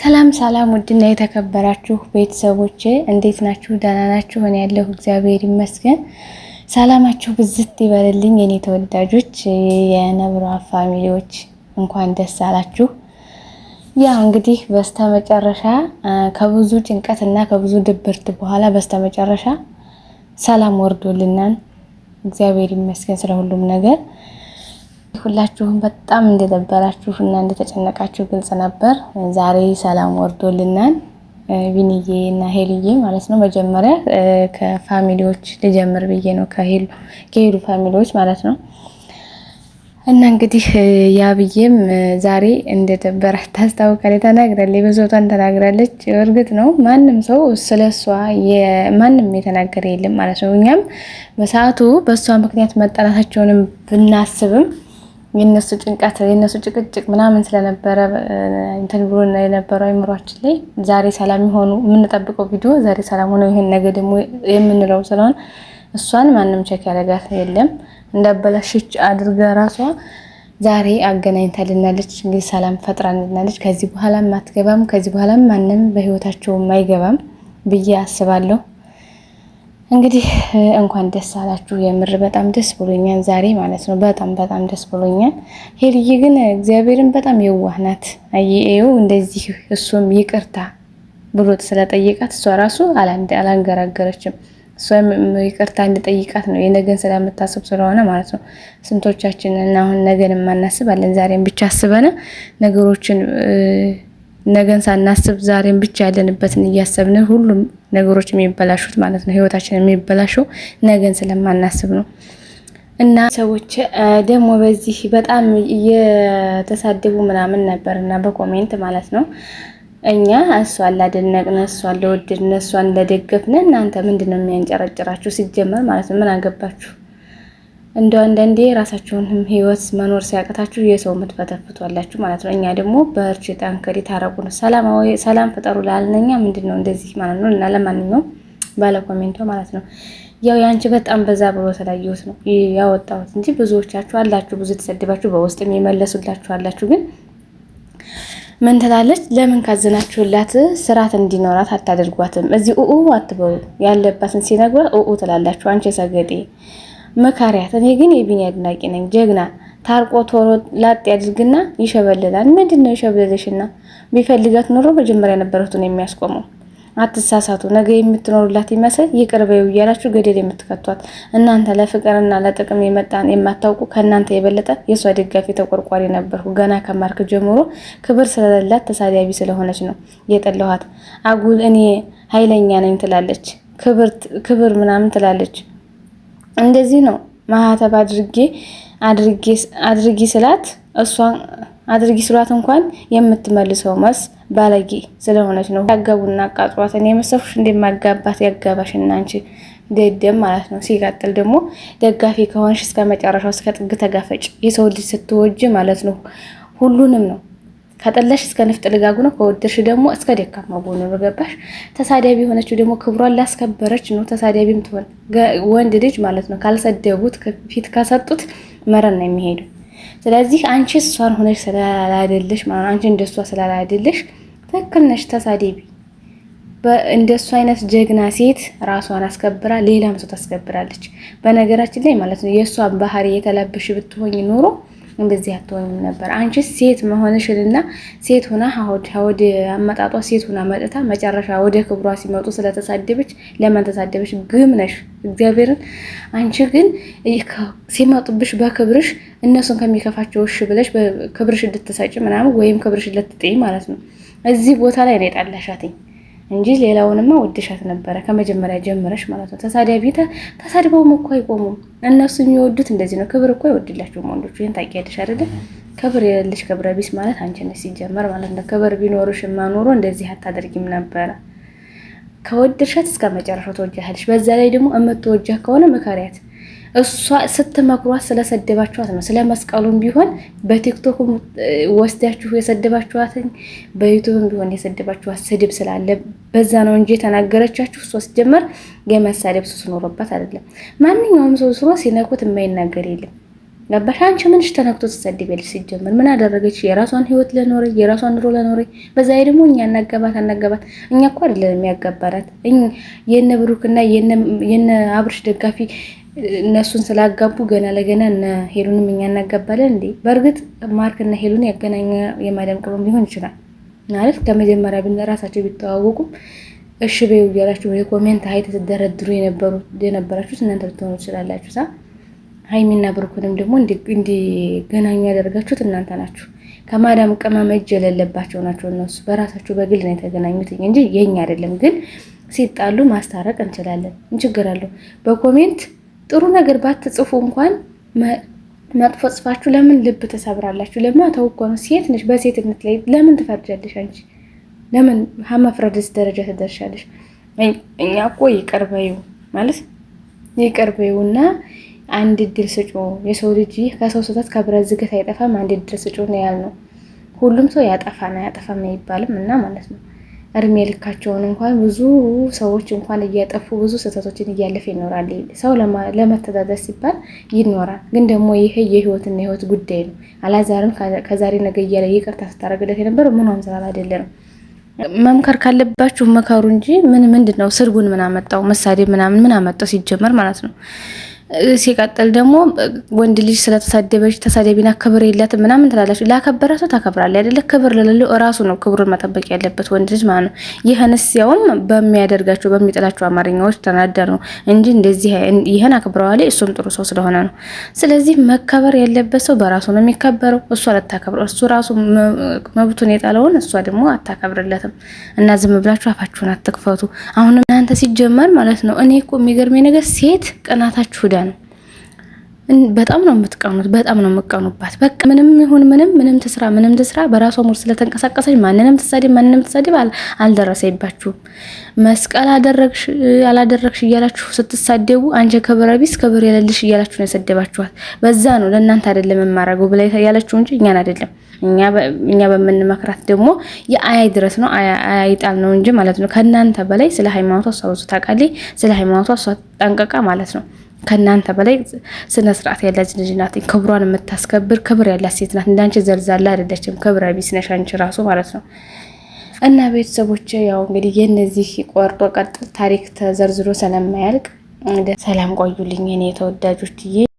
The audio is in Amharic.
ሰላም ሰላም፣ ውድና የተከበራችሁ ቤተሰቦቼ እንዴት ናችሁ? ደህና ናችሁ? እኔ ያለሁ እግዚአብሔር ይመስገን። ሰላማችሁ ብዝት ይበልልኝ። የኔ ተወዳጆች የነብሯ ፋሚሊዎች እንኳን ደስ አላችሁ። ያው እንግዲህ በስተመጨረሻ ከብዙ ጭንቀት እና ከብዙ ድብርት በኋላ በስተመጨረሻ ሰላም ወርዶልናል። እግዚአብሔር ይመስገን ስለ ሁሉም ነገር ሁላችሁም በጣም እንደደበራችሁ እና እንደተጨነቃችሁ ግልጽ ነበር። ዛሬ ሰላም ወርዶልናል። ቢኒዬ እና ሄልዬ ማለት ነው። መጀመሪያ ከፋሚሊዎች ልጀምር ብዬ ነው ከሄሉ ፋሚሊዎች ማለት ነው። እና እንግዲህ ያብዬም ዛሬ እንደደበራት ታስታውቃል ተናግራለች፣ ብሶቷን ተናግራለች። እርግጥ ነው ማንም ሰው ስለሷ ማንም የተናገረ የለም ማለት ነው። እኛም በሰዓቱ በእሷ ምክንያት መጠናታቸውንም ብናስብም የነሱ ጭንቀት የነሱ ጭቅጭቅ ምናምን ስለነበረ እንትን ብሎ የነበረው አይምሯችን ላይ ዛሬ ሰላም የሆኑ የምንጠብቀው ቪዲዮ ዛሬ ሰላም ሆነው ይሄን ነገ ደግሞ የምንለው ስለሆነ እሷን ማንም ቸክ ያደርጋት የለም። እንዳበላሽች አድርጋ ራሷ ዛሬ አገናኝታልናለች። እንግዲህ ሰላም ፈጥራልናለች። ከዚህ በኋላም አትገባም። ከዚህ በኋላም ማንም በህይወታቸው አይገባም ብዬ አስባለሁ። እንግዲህ እንኳን ደስ አላችሁ። የምር በጣም ደስ ብሎኛል ዛሬ ማለት ነው። በጣም በጣም ደስ ብሎኛል። ሄድዬ ግን እግዚአብሔርን በጣም የዋህ ናት። አየው እንደዚህ እሱም ይቅርታ ብሎት ስለጠየቃት እሷ ራሱ አላንገራገረችም። እሷም ይቅርታ እንድጠይቃት ነው የነገን ስለምታስብ ስለሆነ ማለት ነው። ስንቶቻችንን አሁን ነገን የማናስብ አለን። ዛሬን ብቻ አስበን ነገሮችን ነገን ሳናስብ ዛሬን ብቻ ያለንበትን እያሰብን ሁሉም ነገሮች የሚበላሹት ማለት ነው። ህይወታችን የሚበላሸው ነገን ስለማናስብ ነው። እና ሰዎች ደግሞ በዚህ በጣም እየተሳደቡ ምናምን ነበር እና በኮሜንት ማለት ነው እኛ እሷን ላደነቅን እሷን ለወደድን እሷን ለደገፍነ እናንተ ምንድን ነው የሚያንጨረጭራችሁ ሲጀመር ማለት ነው? ምን አገባችሁ? እንደ አንዳንዴ የራሳችሁንም ህይወት መኖር ሲያቅታችሁ የሰው ምትፈተፍቷላችሁ ማለት ነው። እኛ ደግሞ በእርች ጠንከር ታረቁ ነው ሰላም ፍጠሩ ላልነኛ ምንድን ነው እንደዚህ ማለት ነው። እና ለማንኛውም ባለ ኮሜንቶ ማለት ነው ያው የአንቺ በጣም በዛ ብሎ ተለያየሁት ነው ያወጣሁት እንጂ ብዙዎቻችሁ አላችሁ፣ ብዙ የተሰድባችሁ በውስጥ የሚመለሱላችሁ አላችሁ። ግን ምን ትላለች? ለምን ካዘናችሁላት ስርዓት እንዲኖራት አታደርጓትም? እዚህ ኡኡ አትበሉ። ያለባትን ሲነግሯት ኡኡ ትላላችሁ። አንቺ ሰገጤ መካሪያት። እኔ ግን የቢኒ አድናቂ ነኝ። ጀግና ታርቆ ቶሎ ላጥ ያድርግና ይሸበልላል። ምንድን ነው ይሸበልልሽና? ቢፈልጋት ኖሮ መጀመሪያ የነበረቱን የሚያስቆመው አትሳሳቱ። ነገ የምትኖሩላት ይመስል ይቅር እያላችሁ ገደል የምትከቷት እናንተ ለፍቅርና ለጥቅም የመጣን የማታውቁ ከእናንተ የበለጠ የእሷ ደጋፊ ተቆርቋሪ ነበርኩ። ገና ከማርክ ጀምሮ ክብር ስለሌላት ተሳዳቢ ስለሆነች ነው የጠለኋት። አጉል እኔ ኃይለኛ ነኝ ትላለች፣ ክብር ምናምን ትላለች። እንደዚህ ነው ማህተብ አድርጌ አድርጊ ስላት እሷን አድርጊ ስሏት እንኳን የምትመልሰው መስ ባለጌ ስለሆነች ነው። ያጋቡና አቃጥሯት እኔ መሰፉሽ እንደማጋባት ያጋባሽ እናንቺ ደደም ማለት ነው። ሲቀጥል ደግሞ ደጋፊ ከሆንሽ እስከ መጨረሻው እስከ ጥግ ተጋፈጭ። የሰው ልጅ ስትወጅ ማለት ነው ሁሉንም ነው ከጠላሽ እስከ ንፍጥ ልጋጉ ነው። ከወደድሽ ደግሞ እስከ ደካማ ጎኑ ነው። ገባሽ? ተሳዳቢ የሆነችው ደግሞ ክብሯን ላስከበረች ነው። ተሳዳቢም ትሆን ወንድ ልጅ ማለት ነው። ካልሰደቡት ፊት ከሰጡት መረን ነው የሚሄዱ። ስለዚህ አንቺ እሷን ሆነች ስላላደልሽ ማለት አንቺ እንደሷ ስላላደለሽ ትክክል ነሽ። ተሳዳቢ እንደሱ አይነት ጀግና ሴት ራሷን አስከብራ ሌላም ሰው ታስከብራለች። በነገራችን ላይ ማለት ነው የእሷን ባህሪ የተላበሽ ብትሆኝ ኖሮ እንደዚህ አትሆንም ነበር አንቺ ሴት መሆንሽንና ሴት ሆና ወደ አመጣጧ ሴት ሆና መጥታ መጨረሻ ወደ ክብሯ ሲመጡ ስለተሳደበች ለማን ተሳደበች? ግም ነሽ እግዚአብሔርን። አንቺ ግን ሲመጡብሽ በክብርሽ እነሱን ከሚከፋቸው እሺ ብለሽ ክብርሽ እንድትሰጪ ምናምን ወይም ክብርሽ ልትጤ ማለት ነው። እዚህ ቦታ ላይ ነው የጣላሻትኝ እንጂ ሌላውንማ ወድሻት ነበረ ከመጀመሪያ ጀምረሽ ማለት ነው። ተሳዳቢ ተሳድበውም እኮ አይቆሙም እነሱ። የሚወዱት እንደዚህ ነው። ክብር እኮ አይወድላቸውም ወንዶቹ። ይህን ታውቂያለሽ አይደለ? ክብር የሌለሽ ክብረ ቢስ ማለት አንቺ ነሽ ሲጀመር ማለት ነው። ክብር ቢኖርሽ ኑሮ እንደዚህ አታደርጊም ነበረ። ከወደድሻት እስከ መጨረሻው ተወጃለሽ። በዛ ላይ ደግሞ የምትወጃ ከሆነ ምከሪያት። እሷ ስትመክሯት ስለሰደባችኋት ነው። ስለ መስቀሉም ቢሆን በቲክቶክም ወስዳችሁ የሰደባችኋትን በዩቱብም ቢሆን የሰደባችኋት ስድብ ስላለ በዛ ነው እንጂ የተናገረቻችሁ እሷ ሲጀመር የመሳደብ ሱስ ኖሮባት አይደለም። ማንኛውም ሰው ስሮ ሲነኩት የማይናገር የለም። ገባሽ? አንቺ ምንሽ ተነክቶ ትሰድቢያለሽ? ሲጀመር ምን አደረገች? የራሷን ህይወት ለኖረ የራሷን ኑሮ ለኖረ በዛ ላይ ደግሞ እኛ እናገባት አናገባት እኛ እኮ አይደለም ያጋባናት የነ ብሩክና የነ አብርሽ ደጋፊ እነሱን ስላጋቡ ገና ለገና እነ ሄሉንም እኛ እናጋባለን እንዴ? በእርግጥ ማርክ እና ሄሉን ያገናኘ የማዳም ቅመም ሊሆን ይችላል ማለት ከመጀመሪያ ብን ራሳቸው ቢተዋወቁም እሺ በይው እያላችሁ በኮሜንት ሀይ ተደረድሩ የነበራችሁት እናንተ ልትሆኑ ትችላላችሁ። ሳ ሀይሚና ብሩክንም ደግሞ እንዲገናኙ ያደርጋችሁት እናንተ ናችሁ። ከማዳም ቅመም እጅ የሌለባቸው ናቸው እነሱ። በራሳችሁ በግል ነው የተገናኙት እንጂ የኛ አይደለም። ግን ሲጣሉ ማስታረቅ እንችላለን። ችግር አለው በኮሜንት ጥሩ ነገር ባትጽፉ እንኳን መጥፎ ጽፋችሁ ለምን ልብ ተሰብራላችሁ? ለማታው እኮ ነው። ሴት ነሽ፣ በሴትነት ላይ ለምን ትፈርጃለሽ? አንቺ ለምን መፍረድስ ደረጃ ትደርሻለሽ? እኛ እኮ ይቅር በይው ማለት ይቅር በይውና አንድ እድል ስጩ። የሰው ልጅ ከሰው ስህተት ከብረት ዝገት አይጠፋም። አንድ እድል ስጩ ነው ያልነው። ሁሉም ሰው ያጠፋና ያጠፋም አይባልም እና ማለት ነው እድሜ ልካቸውን እንኳን ብዙ ሰዎች እንኳን እያጠፉ ብዙ ስህተቶችን እያለፈ ይኖራል። ሰው ለመተዳደር ሲባል ይኖራል። ግን ደግሞ ይሄ የህይወትና ህይወት ጉዳይ ነው። አላዛርም ከዛሬ ነገ እያለ ይቅርታ ስታደርግለት የነበረው ምንም ስራ አይደለም። መምከር ካለባችሁ መከሩ እንጂ ምን ምንድን ነው ስድቡን ምን አመጣው? መሳደብ ምናምን ምን አመጣው? ሲጀመር ማለት ነው ሲቀጥል ደግሞ ወንድ ልጅ ስለተሳደበች ተሳደቢና ክብር የላትም ምናምን ትላለች። ላከበረ ሰው ታከብራለ አይደለ? ክብር ለሌለው እራሱ ነው ክብሩን መጠበቅ ያለበት ወንድ ልጅ ማለት ነው። ይህን ያውም በሚያደርጋቸው በሚጥላቸው አማርኛዎች ተናደር ነው እንጂ እንደዚህ ይህን አክብረዋል። እሱም ጥሩ ሰው ስለሆነ ነው። ስለዚህ መከበር ያለበት ሰው በራሱ ነው የሚከበረው። እሱ አላታከብረው እሱ ራሱ መብቱን የጣለውን እሷ ደግሞ አታከብርለትም። እና ዝም ብላችሁ አፋችሁን አትክፈቱ። አሁንም እናንተ ሲጀመር ማለት ነው እኔ እኮ የሚገርመኝ ነገር ሴት ቅናታችሁ ዳ በጣም ነው የምትቀኑት፣ በጣም ነው የምቀኑባት። በቃ ምንም ይሁን ምንም፣ ምንም ትስራ፣ ምንም ትስራ በራሷ ሙር ስለተንቀሳቀሰች ማንንም ትሳደብ፣ ማንንም ትሳደብ አልደረሰባችሁም። መስቀል አደረግሽ አላደረግሽ እያላችሁ ስትሳደቡ አንቺ ክብረ ቢስ ክብር የለልሽ እያላችሁ ነው የሰደባችኋት። በዛ ነው ለእናንተ አይደለም የማረገው ብላ ያለችው እንጂ እኛን አይደለም። እኛ በምንመክራት ደግሞ የአያይ ድረስ ነው አያይ ጣል ነው እንጂ ማለት ነው። ከእናንተ በላይ ስለ ሃይማኖቷ እሷ ብዙ ታውቃለች። ስለ ሃይማኖቷ እሷ ጠንቀቃ ማለት ነው። ከእናንተ በላይ ስነ ስርዓት ያላት ልጅ ናት። ክብሯን የምታስከብር ክብር ያላት ሴት ናት። እንዳንቺ ዘልዛላ አይደለችም። ክብረ ቢስ ነሽ አንቺ ራሱ ማለት ነው። እና ቤተሰቦች ያው እንግዲህ የእነዚህ ቆርጦ ቀጥል ታሪክ ተዘርዝሮ ስለማያልቅ ሰላም ቆዩልኝ እኔ ተወዳጆች ዬ